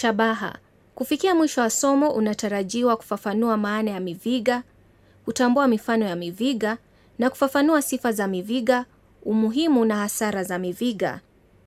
Shabaha: kufikia mwisho wa somo unatarajiwa kufafanua maana ya miviga, kutambua mifano ya miviga na kufafanua sifa za miviga, umuhimu na hasara za miviga.